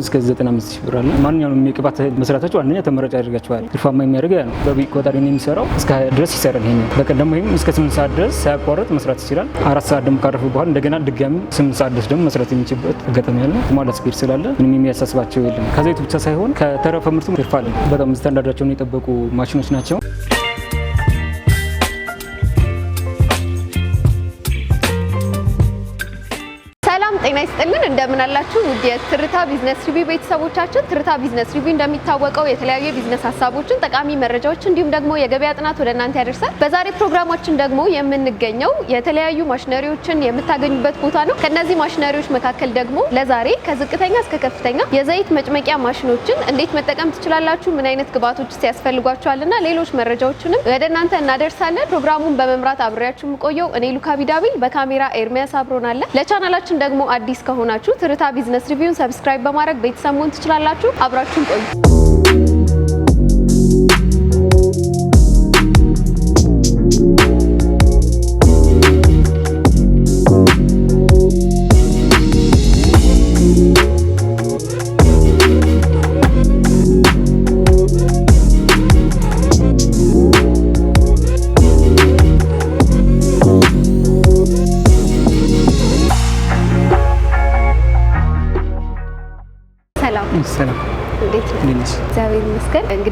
እስከ 95 ሺህ ብር አለ። ማንኛውም የቅባት መስራታቸው አንደኛ ተመራጭ ያደርጋቸዋል። ትርፋማ የሚያደርገ ያ ነው። በቢ ቆጣሪ የሚሰራው እስከ ድረስ ይሰራል። ይሄ በቀን ደግሞ ይህም እስከ 8 ሰዓት ድረስ ሳያቋረጥ መስራት ይችላል። አራት ሰዓት ደግሞ ካረፉ በኋላ እንደገና ድጋሚ 8 ሰዓት ድረስ ደግሞ መስራት የሚችልበት አጋጣሚ ያለ ማላ ስፒድ ስላለ ምንም የሚያሳስባቸው የለም። ከዘይቱ ብቻ ሳይሆን ከተረፈ ምርቱ ትርፋ አለ። በጣም ስታንዳርዳቸውን የጠበቁ ማሽኖች ናቸው። ጤና ይስጥልን እንደምን አላችሁ? ውድ የትርታ ቢዝነስ ሪቪው ቤተሰቦቻችን፣ ትርታ ቢዝነስ ሪቪው እንደሚታወቀው የተለያዩ የቢዝነስ ሀሳቦችን፣ ጠቃሚ መረጃዎች እንዲሁም ደግሞ የገበያ ጥናት ወደ እናንተ ያደርሳል። በዛሬ ፕሮግራማችን ደግሞ የምንገኘው የተለያዩ ማሽነሪዎችን የምታገኙበት ቦታ ነው። ከነዚህ ማሽነሪዎች መካከል ደግሞ ለዛሬ ከዝቅተኛ እስከ ከፍተኛ የዘይት መጭመቂያ ማሽኖችን እንዴት መጠቀም ትችላላችሁ፣ ምን አይነት ግብዓቶች ያስፈልጓቸዋልና ሌሎች መረጃዎችንም ወደ እናንተ እናደርሳለን። ፕሮግራሙን በመምራት አብሬያችሁ የምቆየው እኔ ሉካ ቢዳቢል፣ በካሜራ ኤርሚያስ አብሮናለ። ለቻናላችን ደግሞ አዲስ ከሆናችሁ ትርታ ቢዝነስ ሪቪውን ሰብስክራይብ በማድረግ ቤተሰብ መሆን ትችላላችሁ። አብራችሁን ቆዩ።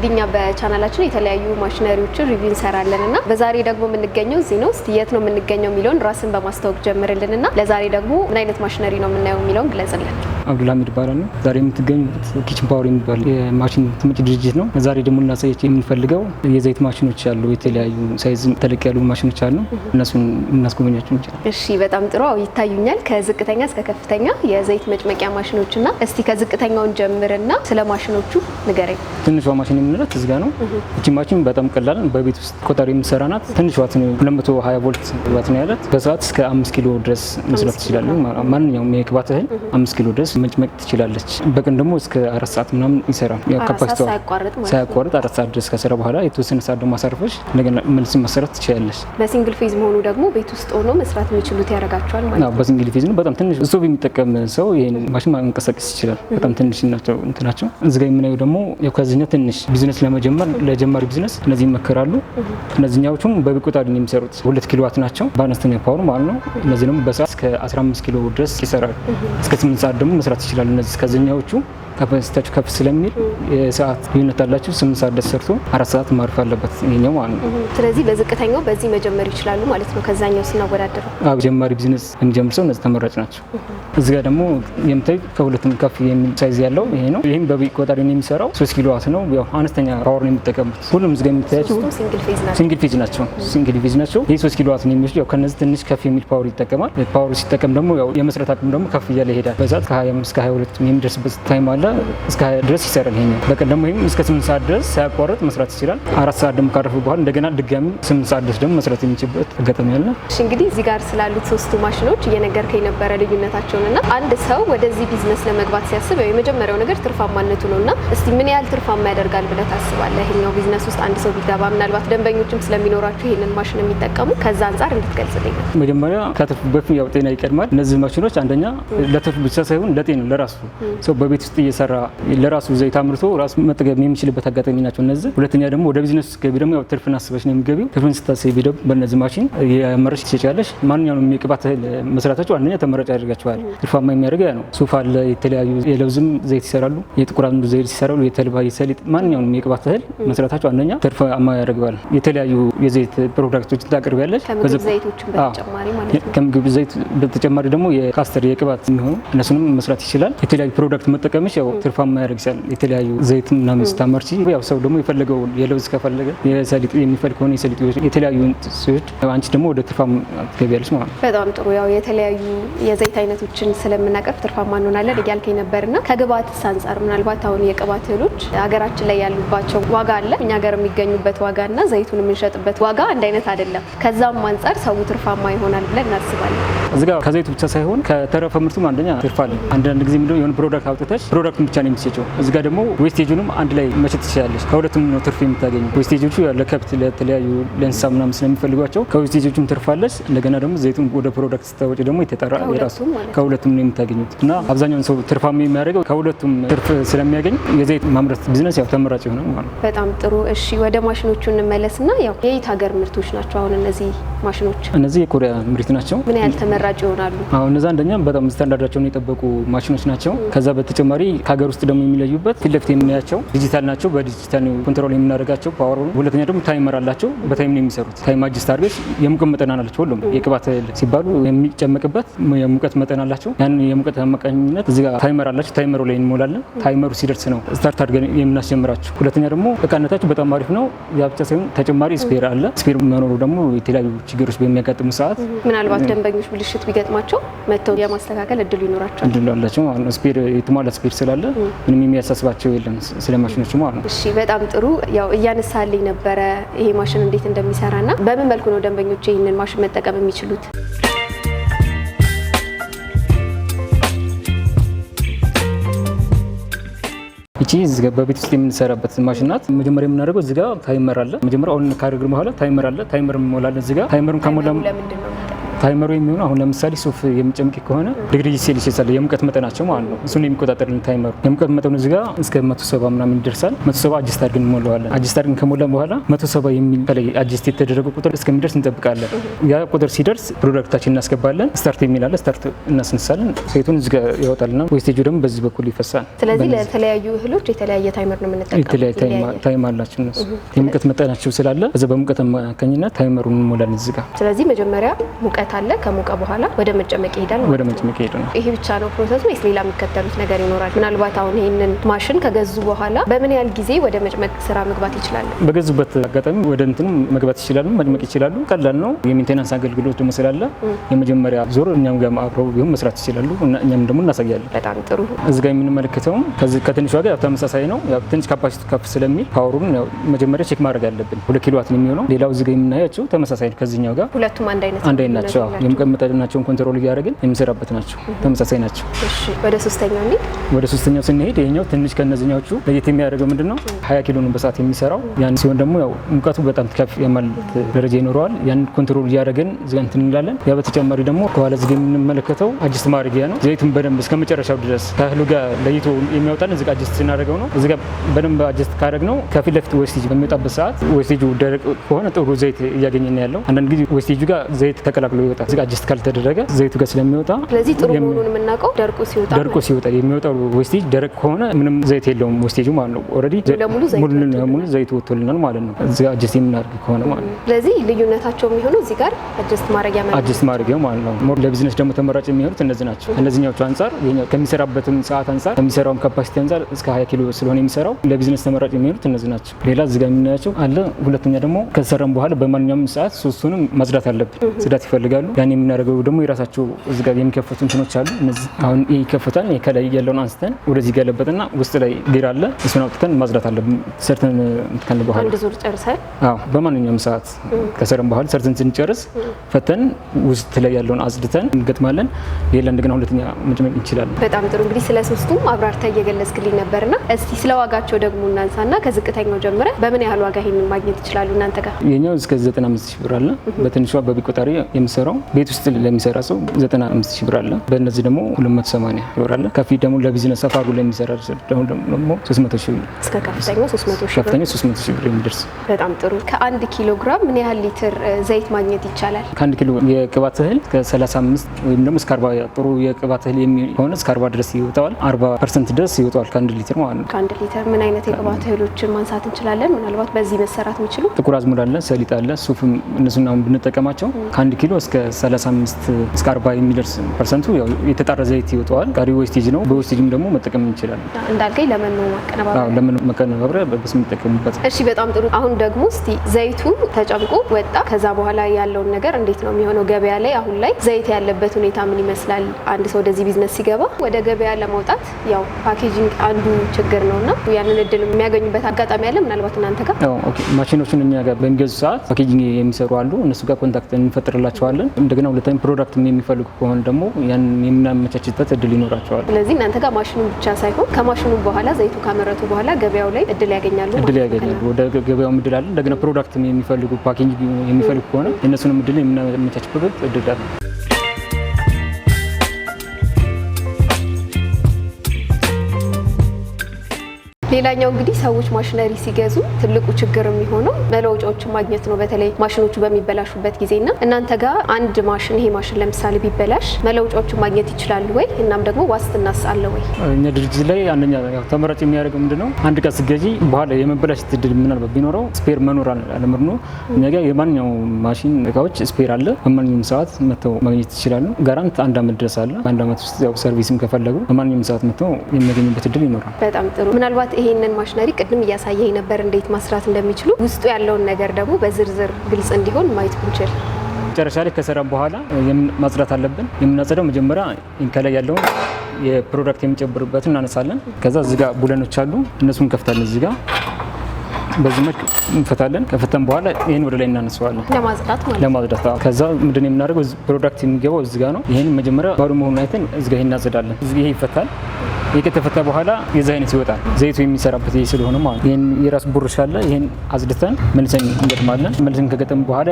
እንግዲህ እኛ በቻናላችን የተለያዩ ማሽነሪዎችን ሪቪው እንሰራለን እና በዛሬ ደግሞ የምንገኘው እዚህ ነው። እስቲ የት ነው የምንገኘው የሚለውን ራስን በማስታወቅ ጀምርልን እና ለዛሬ ደግሞ ምን አይነት ማሽነሪ ነው የምናየው የሚለውን ግለጽልን። አብዱልሀሚድ ይባላል ነው። ዛሬ የምትገኙበት ኪችን ፓወር የሚባል የማሽን ትምጭ ድርጅት ነው። ዛሬ ደግሞ እናሳያቸው የምንፈልገው የዘይት ማሽኖች አሉ። የተለያዩ ሳይዝ ተለቅ ያሉ ማሽኖች አሉ። እነሱን እናስጎበኛቸው እንችላል። እሺ፣ በጣም ጥሩ ይታዩኛል። ከዝቅተኛ እስከ ከፍተኛ የዘይት መጭመቂያ ማሽኖች ና እስቲ ከዝቅተኛውን ና ስለ ማሽኖቹ ንገረኝ። ትንሿ ማሽን የምንላት እዚጋ ነው። እቺ ማሽን በጣም ቀላል በቤት ውስጥ ቆጣሪ የምትሰራ ናት። ትንሽ ዋት ነው 220 ቮልት ዋት ነው ያለት። በሰዓት እስከ አምስት ኪሎ ድረስ መስራት ትችላለ። ማንኛውም የቅባት እህል አምስት ኪሎ ድረስ መጭመቅ ትችላለች። በቀን ደግሞ እስከ አራት ሰዓት ምናምን ይሰራል። ካፓሲቲዋ ሳያቋርጥ አራት ሰዓት ድረስ ከሰራ በኋላ የተወሰነ ሰዓት ደግሞ አሳርፈሽ እንደገና መልስ መሰራት ትችላለች። በሲንግል ፌዝ መሆኑ ደግሞ ቤት ውስጥ ሆኖ መስራት የሚችሉት ያደርጋቸዋል ማለት ነው። በሲንግል ፌዝ ነው። በጣም ትንሽ እሱ የሚጠቀም ሰው ይህን ማሽን ማንቀሳቀስ ይችላል። በጣም ትንሽ ናቸው እንትናቸው። ጋ የምናየው ደግሞ ከዚህኛው ትንሽ ቢዝነስ ለመጀመር ለጀማሪ ቢዝነስ እነዚህ ይመከራሉ። እነዚህኛዎቹም በቢቆጣሪ ነው የሚሰሩት። ሁለት ኪሎዋት ናቸው በአነስተኛ ፓወር ማለት ነው። እነዚህ ደግሞ በሰዓት እስከ 15 ኪሎ ድረስ ይሰራል። እስከ 8 ሰዓት ደግሞ መስራት ይችላሉ እነዚህ ከዚህኛዎቹ ካፓሲቲያቸው ከፍ ስለሚል የሰዓት ልዩነት አላችሁ። ስምንት ሰዓት ደስ ሰርቶ አራት ሰዓት ማረፍ አለበት ይሄኛው ማለት ነው። ስለዚህ በዝቅተኛው በዚህ መጀመር ይችላሉ ማለት ነው ከዛኛው ስናወዳደረው። አዎ ጀማሪ ቢዝነስ እንዲጀምር ሰው እነዚህ ተመራጭ ናቸው። እዚህ ጋር ደግሞ የምታይ ከሁለትም ከፍ የሚል ሳይዝ ያለው ይሄ ነው። ይህም በቢ ቆጣሪ የሚሰራው ሶስት ኪሎ ዋት ነው። ያው አነስተኛ ፓወር ነው የሚጠቀሙት። ሁሉም እዚህ ጋር የሚታያቸው ሲንግል ፌዝ ናቸው። ሲንግል ፌዝ ናቸው። ይህ ሶስት ኪሎ ዋት ነው የሚወስድ። ያው ከነዚህ ትንሽ ከፍ የሚል ፓወር ይጠቀማል። ፓወር ሲጠቀም ደግሞ ያው የመስራት አቅም ደግሞ ከፍ እያለ ይሄዳል። በዛት ከ25 እስከ 22 የሚደርስበት ታይም አለ። ካለ እስከ ድረስ ይሰራል። ይሄኛው በቀን ደግሞ ይህም እስከ ስምንት ሰዓት ድረስ ሳያቋርጥ መስራት ይችላል። አራት ሰዓት ደግሞ ካረፉ በኋላ እንደገና ድጋሚ ስምንት ሰዓት ድረስ ደግሞ መስራት የሚችልበት አጋጣሚ አለ። እንግዲህ እዚህ ጋር ስላሉት ሶስቱ ማሽኖች እየነገርከኝ ነበረ ልዩነታቸውን እና አንድ ሰው ወደዚህ ቢዝነስ ለመግባት ሲያስብ የመጀመሪያው ነገር ትርፋማነቱ ነው እና እስቲ ምን ያህል ትርፋማ ያደርጋል ብለህ ታስባለህ? ይሄኛው ቢዝነስ ውስጥ አንድ ሰው ቢገባ ምናልባት ደንበኞችም ስለሚኖራቸው ይህንን ማሽን የሚጠቀሙ ከዛ አንጻር እንድትገልጽልኝ ነው። መጀመሪያ ከትርፍ በፊት ያው ጤና ይቀድማል። እነዚህ ማሽኖች አንደኛ ለትርፍ ብቻ ሳይሆን ለጤና ለራሱ ሰው በቤት ውስጥ እየሰራ ለራሱ ዘይት አምርቶ ራሱ መጠገብ የሚችልበት አጋጣሚ ናቸው እነዚህ። ሁለተኛ ደግሞ ወደ ቢዝነስ ገቢ ደግሞ ያው ትርፍን አስበሽ ነው የሚገቢው። ትርፍን ስታስቢ ደግሞ በነዚህ ማሽን የመረሽ ትሸጫለሽ። ማንኛውም የቅባት መስራታቸው አንደኛ ተመራጭ ያደርጋቸዋል። ትርፋማ የሚያደርገ ያ ነው። ሱፍ አለ፣ የተለያዩ የለውዝም ዘይት ይሰራሉ፣ የጥቁር አዝሙድ ዘይት ይሰራሉ፣ የተልባ፣ የሰሊጥ ማንኛውም የቅባት እህል መስራታቸው አንደኛ ትርፋማ ያደርገዋል። የተለያዩ የዘይት ፕሮዳክቶችን ታቀርቢያለሽ ከምግብ ዘይት በተጨማሪ ደግሞ የካስተር የቅባት የሚሆኑ እነሱንም መስራት ይችላል። የተለያዩ ፕሮዳክት መጠቀምሽ ያው ትርፋማ ያደርግሻል። የተለያዩ ዘይት ምናምን ስታመርቺ ያው ሰው ደግሞ የፈለገው የለውዝ ከፈለገ የሰሊጥ የሚፈልግ ከሆነ የሰሊጥ የተለያዩ ሲዎች አንቺ ደግሞ ወደ ትርፋማ ትገቢያለች ማለት ነው። በጣም ጥሩ ያው የተለያዩ የዘይት አይነቶችን ስለምናቀፍ ትርፋማ እንሆናለን እያልከኝ ና ከግብአት አንጻር ምናልባት አሁን የቅባት እህሎች ሀገራችን ላይ ያሉባቸው ዋጋ አለ እኛ ሀገር የሚገኙበት ዋጋ ና ዘይቱን የምንሸጥበት ዋጋ አንድ አይነት አይደለም። ከዛም አንጻር ሰው ትርፋማ ይሆናል ብለን እናስባለን። እዚጋ ከዘይቱ ብቻ ሳይሆን ከተረፈ ምርቱም አንደኛ ትርፋ አለ። አንዳንድ ጊዜ ምንድነው የሆነ ፕሮዳክት አውጥተች ፕሮዳክት ሁለቱም ብቻ ነው የምትሰጪው። እዚ ጋ ደግሞ ዌስቴጁንም አንድ ላይ መሸጥ ትችላለች። ከሁለቱም ነው ትርፍ የምታገኘ። ዌስቴጆቹ ለከብት ለተለያዩ ለእንስሳ ምናምን ስለሚፈልጓቸው ከዌስቴጆቹም ትርፋለች። እንደገና ደግሞ ዘይቱን ወደ ፕሮዳክት ስታወጭ ደግሞ የተጠራ የራሱ ከሁለቱም ነው የምታገኙት እና አብዛኛውን ሰው ትርፋ የሚያደርገው ከሁለቱም ትርፍ ስለሚያገኝ የዘይት ማምረት ቢዝነስ ያው ተመራጭ የሆነ ማለት ነው። በጣም ጥሩ። እሺ ወደ ማሽኖቹ እንመለስ እና ያው የየት ሀገር ምርቶች ናቸው አሁን እነዚህ ማሽኖች? እነዚህ የኮሪያ ምርት ናቸው። ምን ያህል ተመራጭ ይሆናሉ? አሁ እነዛ አንደኛ በጣም ስታንዳርዳቸውን የጠበቁ ማሽኖች ናቸው። ከዛ በተጨማሪ ከሀገር ውስጥ ደግሞ የሚለዩበት ፊት ለፊት የምናያቸው ዲጂታል ናቸው። በዲጂታል ኮንትሮል የምናደርጋቸው ፓወር ነው። ሁለተኛ ደግሞ ታይመር አላቸው። በታይም ነው የሚሰሩት። ታይም አጅስት አድርገሽ የሙቀት መጠን አላቸው። ሁሉም የቅባት ሲባሉ የሚጨመቅበት የሙቀት መጠን አላቸው። ያን የሙቀት አማካኝነት እዚህ ጋር ታይመር አላቸው። ታይመሩ ላይ እንሞላለን። ታይመሩ ሲደርስ ነው ስታርት አድርገን የምናስጀምራቸው። ሁለተኛ ደግሞ እቃነታቸው በጣም አሪፍ ነው። ያ ብቻ ሳይሆን ተጨማሪ ስፔር አለ። ስፔር መኖሩ ደግሞ የተለያዩ ችግሮች በሚያጋጥሙ ሰዓት ምናልባት ደንበኞች ብልሽት ቢገጥማቸው መጥተው የማስተካከል እድሉ ይኖራቸዋል። እድሉ አላቸው ስፔር የተሟላ ስፔር ስላለ ስላለ ምንም የሚያሳስባቸው የለም ስለ ማሽኖቹ ማለት ነው። እሺ፣ በጣም ጥሩ። ያው እያነሳልኝ ነበረ ይሄ ማሽን እንዴት እንደሚሰራ ና በምን መልኩ ነው ደንበኞች ይህንን ማሽን መጠቀም የሚችሉት? ይቺ በቤት ውስጥ የምንሰራበት ማሽን ናት። መጀመሪያ የምናደርገው እዚጋ ታይመር አለ። መጀመሪያ አሁን ካደረግን በኋላ ታይመር አለ። ታይመር እንሞላለን እዚጋ ታይመርም ከሞላ ታይመሩ የሚሆኑ አሁን ለምሳሌ ሱፍ የሚጨምቅ ከሆነ ዲግሪ ሴልሺየስ አለ የሙቀት መጠናቸው ማለት ነው። እሱን የሚቆጣጠርልን ታይመሩ የሙቀት መጠኑ እዚህ ጋር እስከ መቶ ሰባ ምናምን ይደርሳል። መቶ ሰባ አጅስት አድርገን እንሞላዋለን። አጅስት አድርገን ከሞላን በኋላ መቶ ሰባ የሚለይ አጅስት የተደረገ ቁጥር እስከሚደርስ እንጠብቃለን። ያ ቁጥር ሲደርስ ፕሮዳክታችን እናስገባለን። ስታርት የሚላለ ስታርት እናስነሳለን። ሴቱን እዚህ ጋር ያወጣልና ዌስቴጁ ደግሞ በዚህ በኩል ይፈሳል። ስለዚህ ለተለያዩ እህሎች የተለያየ ታይመር ነው የምንጠቀመው። የተለያየ ታይም አላቸው እነሱ የሙቀት መጠናቸው ስላለ በዛ በሙቀት አማካኝነት ታይመሩን እንሞላለን እዚህ ጋር ስለዚህ መጀመሪያ ሙቀት ካለ ከሞቀ በኋላ ወደ መጨመቅ ይሄዳል። ወደ መጨመቅ ይሄዱ ነው። ይሄ ብቻ ነው ፕሮሰሱ ወይስ ሌላ የሚከተሉት ነገር ይኖራል? ምናልባት አሁን ይህንን ማሽን ከገዙ በኋላ በምን ያህል ጊዜ ወደ መጭመቅ ስራ መግባት ይችላሉ? በገዙበት አጋጣሚ ወደ እንትን መግባት ይችላሉ፣ መጭመቅ ይችላሉ። ቀላል ነው። የሜንቴናንስ አገልግሎት ደግሞ ስላለ የመጀመሪያ ዞር እኛም ጋር አብረው ቢሆን መስራት ይችላሉ። እኛም ደግሞ እናሳያለን። በጣም ጥሩ። እዚ ጋር የምንመለከተውም ከትንሿ ጋር ተመሳሳይ ነው። ትንሽ ካፓሲቲ ከፍ ስለሚል ፓወሩን መጀመሪያ ቼክ ማድረግ አለብን። ሁለት ኪሎዋት ነው የሚሆነው። ሌላው እዚ ጋር የምናያቸው ተመሳሳይ ከዚኛው ጋር ሁለቱም አንድ አይነት ናቸው። የምቀምጠናቸውን ኮንትሮል እያደረግን የምንሰራበት ናቸው። ተመሳሳይ ናቸው። ወደ ሶስተኛው እንሂድ። ወደ ሶስተኛው ስንሄድ ይሄኛው ትንሽ ከነዚህኛዎቹ ለየት የሚያደርገው ምንድን ነው? ሀያ ኪሎ ነው በሰዓት የሚሰራው። ያን ሲሆን ደግሞ ያው ሙቀቱ በጣም ከፍ የማለት ደረጃ ይኖረዋል። ያን ኮንትሮል እያደረግን እዚጋ እንላለን። ያ በተጨማሪ ደግሞ ከኋላ እዚጋ የምንመለከተው አጅስት ማድረጊያ ነው። ዘይቱን በደንብ እስከ መጨረሻው ድረስ ከእህሉ ጋር ለይቶ የሚያወጣን እዚጋ አጅስት ስናደርገው ነው። እዚጋ በደንብ አጅስት ካደረግ ነው ከፊት ለፊት ወስቴጅ በሚወጣበት ሰዓት ወስቴጁ ደረቅ ከሆነ ጥሩ ዘይት እያገኘን ያለው። አንዳንድ ጊዜ ወስቴጁ ጋር ዘይት ተቀላቅሎ ይወጣል። እዚህ ጋር አጀስት ካልተደረገ ዘይቱ ጋር ስለሚወጣ ስለዚህ ጥሩ መሆኑን የምናውቀው ደርቆ ሲወጣ ደርቆ ሲወጣ የሚወጣው ዌስቴጅ ደረቅ ከሆነ ምንም ዘይት የለውም ዌስቴጁ ማለት ነው። ኦልሬዲ ሙሉ ዘይቱ ወጥቶልናል ማለት ነው። እዚህ ጋር አጀስት የምናደርግ ከሆነ ማለት ነው። ስለዚህ ልዩነታቸው የሚሆነው እዚህ ጋር አጀስት ማድረጊያ አጀስት ማድረጊያው ማለት ነው። ሞር ለቢዝነስ ደግሞ ተመራጭ የሚሆኑት እነዚህ ናቸው። እነዚህኛዎቹ አንጻር ከሚሰራበትም ሰዓት አንጻር ከሚሰራውም ካፓሲቲ አንጻር እስከ 20 ኪሎ ስለሆነ የሚሰራው ለቢዝነስ ተመራጭ የሚሆኑት እነዚህ ናቸው። ሌላ እዚህ ጋር የምናያቸው አለ። ሁለተኛ ደግሞ ከተሰራም በኋላ በማንኛውም ሰዓት ሶስቱንም ማጽዳት አለብን። ጽዳት ይፈልጋል ይፈልጋሉ። ያን የምናደርገው ደግሞ የራሳቸው እዚህ ጋር የሚከፈቱ እንትኖች አሉ። እነዚህ አሁን ይህ ይከፈታል። ከላይ ያለውን አንስተን ወደዚህ ገለበጥና ውስጥ ላይ ቢራ አለ። እሱን አውጥተን ማጽዳት አለብን። ሰርተን ካለ በኋላ አንድ ዙር ጨርሰን፣ በማንኛውም ሰዓት ከሰርን በኋላ ሰርተን ስንጨርስ ፈተን ውስጥ ላይ ያለውን አጽድተን እንገጥማለን። ሌላ እንደገና ሁለተኛ መጭመቅ እንችላለን። በጣም ጥሩ። እንግዲህ ስለ ሶስቱም አብራርታ እየገለጽክልኝ ነበርና እስቲ ስለ ዋጋቸው ደግሞ እናንሳና ከዝቅተኛው ጀምረ በምን ያህል ዋጋ ይህንን ማግኘት ይችላሉ እናንተ ጋር? የኛው እስከ 95 ሺህ ብር አለ። በትንሿ በቢቆጣሪ የምሰ የሚሰራው ቤት ውስጥ ለሚሰራ ሰው 95 ሺ ብር አለ። በእነዚህ ደግሞ 280 ብር አለ። ከፊት ደግሞ ለቢዝነስ ሰፋ ለሚሰራ ደግሞ 300 ሺ ብር እስከ ከፍተኛው 300 ሺ ብር የሚደርስ በጣም ጥሩ። ከአንድ ኪሎ ግራም ምን ያህል ሊትር ዘይት ማግኘት ይቻላል? ከአንድ ኪሎ የቅባት እህል ከ35 ወይም ደግሞ እስከ 40 ጥሩ የቅባት እህል የሚሆነ እስከ 40 ድረስ ይወጣዋል። 40 ፐርሰንት ድረስ ይወጣዋል ከአንድ ሊትር ማለት ነው። ከአንድ ሊትር ምን አይነት የቅባት እህሎችን ማንሳት እንችላለን? ምናልባት በዚህ መሰራት የሚችሉ ጥቁር አዝሙድ አለ፣ ሰሊጥ አለ፣ ሱፍም እነሱና ብንጠቀማቸው ከአንድ ኪሎ እስከ እስከ 35 እስከ 40 የሚደርስ ፐርሰንቱ የተጣራ ዘይት ይወጣዋል። ቀሪ ወስቴጅ ነው። በወስቴጅም ደግሞ መጠቀም እንችላለን። እንዳልከኝ ለመኖ ማቀነባበሪያ ለመኖ መቀነባበሪያ በስ የምንጠቀምበት። እሺ፣ በጣም ጥሩ። አሁን ደግሞ እስቲ ዘይቱ ተጨምቆ ወጣ፣ ከዛ በኋላ ያለውን ነገር እንዴት ነው የሚሆነው? ገበያ ላይ አሁን ላይ ዘይት ያለበት ሁኔታ ምን ይመስላል? አንድ ሰው ወደዚህ ቢዝነስ ሲገባ ወደ ገበያ ለማውጣት ያው ፓኬጂንግ አንዱ ችግር ነው እና ያንን እድል የሚያገኙበት አጋጣሚ አለ ምናልባት እናንተ ጋር? ማሽኖቹን እኛ ጋር በሚገዙ ሰዓት ፓኬጂንግ የሚሰሩ አሉ። እነሱ ጋር ኮንታክት እንፈጥርላቸዋለን እንችላለን። እንደገና ሁለተኛ ፕሮዳክት የሚፈልጉ ከሆነ ደግሞ ያን የምናመቻችበት እድል ይኖራቸዋል። ስለዚህ እናንተ ጋር ማሽኑን ብቻ ሳይሆን ከማሽኑ በኋላ ዘይቱ ካመረቱ በኋላ ገበያው ላይ እድል ያገኛሉ እድል ያገኛሉ። ወደ ገበያውም እድል አለ። እንደገና ፕሮዳክት የሚፈልጉ ፓኬጅ የሚፈልጉ ከሆነ የእነሱንም እድል የምናመቻችበት እድል አለ። ሌላኛው እንግዲህ ሰዎች ማሽነሪ ሲገዙ ትልቁ ችግር የሚሆነው መለወጫዎችን ማግኘት ነው። በተለይ ማሽኖቹ በሚበላሹበት ጊዜና እናንተ ጋር አንድ ማሽን ይሄ ማሽን ለምሳሌ ቢበላሽ መለወጫዎችን ማግኘት ይችላሉ ወይ? እናም ደግሞ ዋስትናስ አለ ወይ? እኛ ድርጅት ላይ አንደኛ ተመራጭ የሚያደርገው ምንድን ነው፣ አንድ እቃ ስገዢ በኋላ የመበላሽ ትድል ምናልባት ቢኖረው ስፔር መኖር አለምር ነው። እኛ ጋር የማንኛው ማሽን እቃዎች ስፔር አለ። በማንኛውም ሰዓት መጥተው ማግኘት ይችላሉ። ጋራንት አንድ አመት ድረስ አለ። አንድ አመት ውስጥ ያው ሰርቪስም ከፈለጉ በማንኛውም ሰዓት መጥተው የሚያገኙበት እድል ይኖራል። በጣም ጥሩ ምናልባት ይሄንን ማሽነሪ ቅድም እያሳየኝ ነበር እንዴት ማስራት እንደሚችሉ። ውስጡ ያለውን ነገር ደግሞ በዝርዝር ግልጽ እንዲሆን ማየት ብንችል። መጨረሻ ላይ ከሰራም በኋላ ማጽዳት አለብን። የምናጸደው መጀመሪያ ከላይ ያለውን የፕሮዳክት የሚጨብርበትን እናነሳለን። ከዛ እዚጋ ቡለኖች አሉ፣ እነሱ እንከፍታለን። እዚጋ በዚህ መልክ እንፈታለን። ከፈተን በኋላ ይህን ወደ ላይ እናነሳዋለን ለማጽዳት ማለት ከዛ ምንድን የምናደርገው ፕሮዳክት የሚገባው እዚጋ ነው። ይህን መጀመሪያ ባዶ መሆኑን አይተን እዚጋ ይህን እናጽዳለን። ይሄ ይፈታል። ከተፈታ በኋላ የዚህ አይነት ይወጣል። ዘይቱ የሚሰራበት ይህ ስለሆነ ማለት ነው። ይህን የራሱ ቡርሽ አለ። ይህን አጽድተን መልሰን እንገጥማለን። መልሰን ከገጠም በኋላ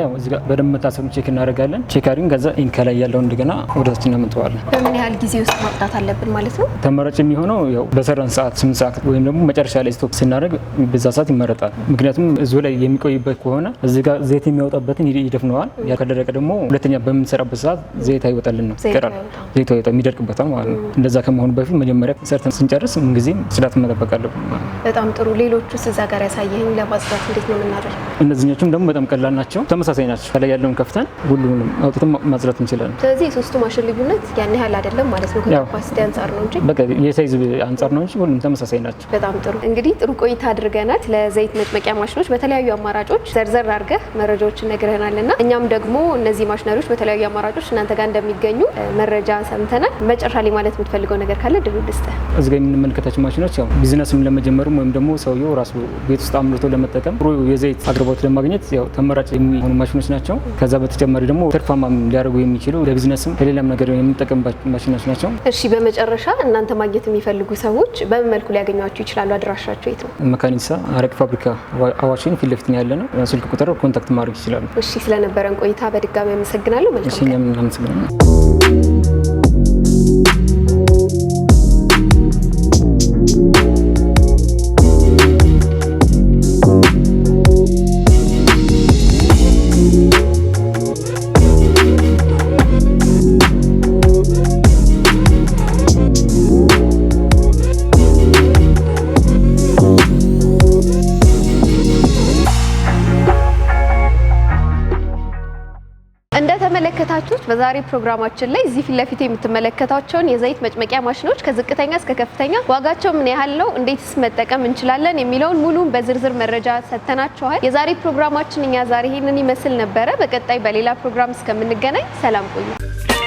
በደንብ መታሰሩን ቼክ እናደርጋለን። ቼክ አድርገን ከዛ ይህን ከላይ ያለው እንደገና ወደታችን እናመጣዋለን። በምን ያህል ጊዜ ውስጥ ማቅዳት አለብን ማለት ነው? ተመራጭ የሚሆነው ያው በሰራን ሰዓት ስምንት ሰዓት ወይም ደግሞ መጨረሻ ላይ ስቶክ ስናደርግ በዛ ሰዓት ይመረጣል። ምክንያቱም እዚሁ ላይ የሚቆይበት ከሆነ እዚጋ ዘይት የሚያወጣበትን ይደፍነዋል። ያ ከደረቀ ደግሞ ሁለተኛ በምንሰራበት ሰዓት ዘይት አይወጣልን ነው ይቀራል። ዘይት አይወጣ የሚደርቅበታል ማለት ነው። እንደዛ ከመሆኑ በፊት መጀመሪያ ሰርተን ስንጨርስ ምንጊዜም ጽዳት መጠበቅ አለብን። በጣም ጥሩ። ሌሎቹ እዛ ጋር ያሳየኝ ለማጽዳት እንዴት ነው የምናደርግ? እነዚህኞቹም ደግሞ በጣም ቀላል ናቸው፣ ተመሳሳይ ናቸው። ከላይ ያለውን ከፍተን ሁሉንም አውጥተን ማጽዳት እንችላለን። ስለዚህ የሶስቱ ማሽን ልዩነት ያን ያህል አይደለም ማለት ነው። ከካፓሲቲ አንጻር ነው እንጂ በቃ የሳይዝ አንጻር ነው እንጂ ሁሉም ተመሳሳይ ናቸው። በጣም ጥሩ። እንግዲህ ጥሩ ቆይታ አድርገናል። ለዘይት መጭመቂያ ማሽኖች በተለያዩ አማራጮች ዘርዘር አድርገህ መረጃዎችን ነግረናል እና እኛም ደግሞ እነዚህ ማሽነሪዎች በተለያዩ አማራጮች እናንተ ጋር እንደሚገኙ መረጃ ሰምተናል። መጨረሻ ላይ ማለት የምትፈልገው ነገር ካለ ድሉ ልስጥህ። እዚ ጋ የምንመለከታቸው ማሽኖች ያው ቢዝነስም ለመጀመርም ወይም ደግሞ ሰውየው ራሱ ቤት ውስጥ አምርቶ ለመጠቀም ጥሩ የዘይት አቅርቦት ለማግኘት ያው ተመራጭ የሚሆኑ ማሽኖች ናቸው። ከዛ በተጨማሪ ደግሞ ትርፋማም ሊያደርጉ የሚችሉ ለቢዝነስም ለሌላም ነገር የምንጠቀምባቸው ማሽኖች ናቸው። እሺ፣ በመጨረሻ እናንተ ማግኘት የሚፈልጉ ሰዎች በምን መልኩ ሊያገኟቸው ይችላሉ? አድራሻቸው የት ነው? መካኒሳ አረቅ ፋብሪካ አዋሽን ፊት ለፊት ያለ ነው። ስልክ ቁጥር ኮንታክት ማድረግ ይችላሉ። እሺ፣ ስለነበረን ቆይታ በድጋሚ አመሰግናለሁ። መልካም ቀን። እኛም እንደተመለከታችሁት በዛሬ ፕሮግራማችን ላይ እዚህ ፊት ለፊት የምትመለከታቸውን የዘይት መጭመቂያ ማሽኖች ከዝቅተኛ እስከ ከፍተኛ ዋጋቸው ምን ያህል ነው፣ እንዴትስ መጠቀም እንችላለን የሚለውን ሙሉን በዝርዝር መረጃ ሰጥተናችኋል። የዛሬ ፕሮግራማችን እኛ ዛሬ ይህንን ይመስል ነበረ። በቀጣይ በሌላ ፕሮግራም እስከምንገናኝ ሰላም ቆዩ።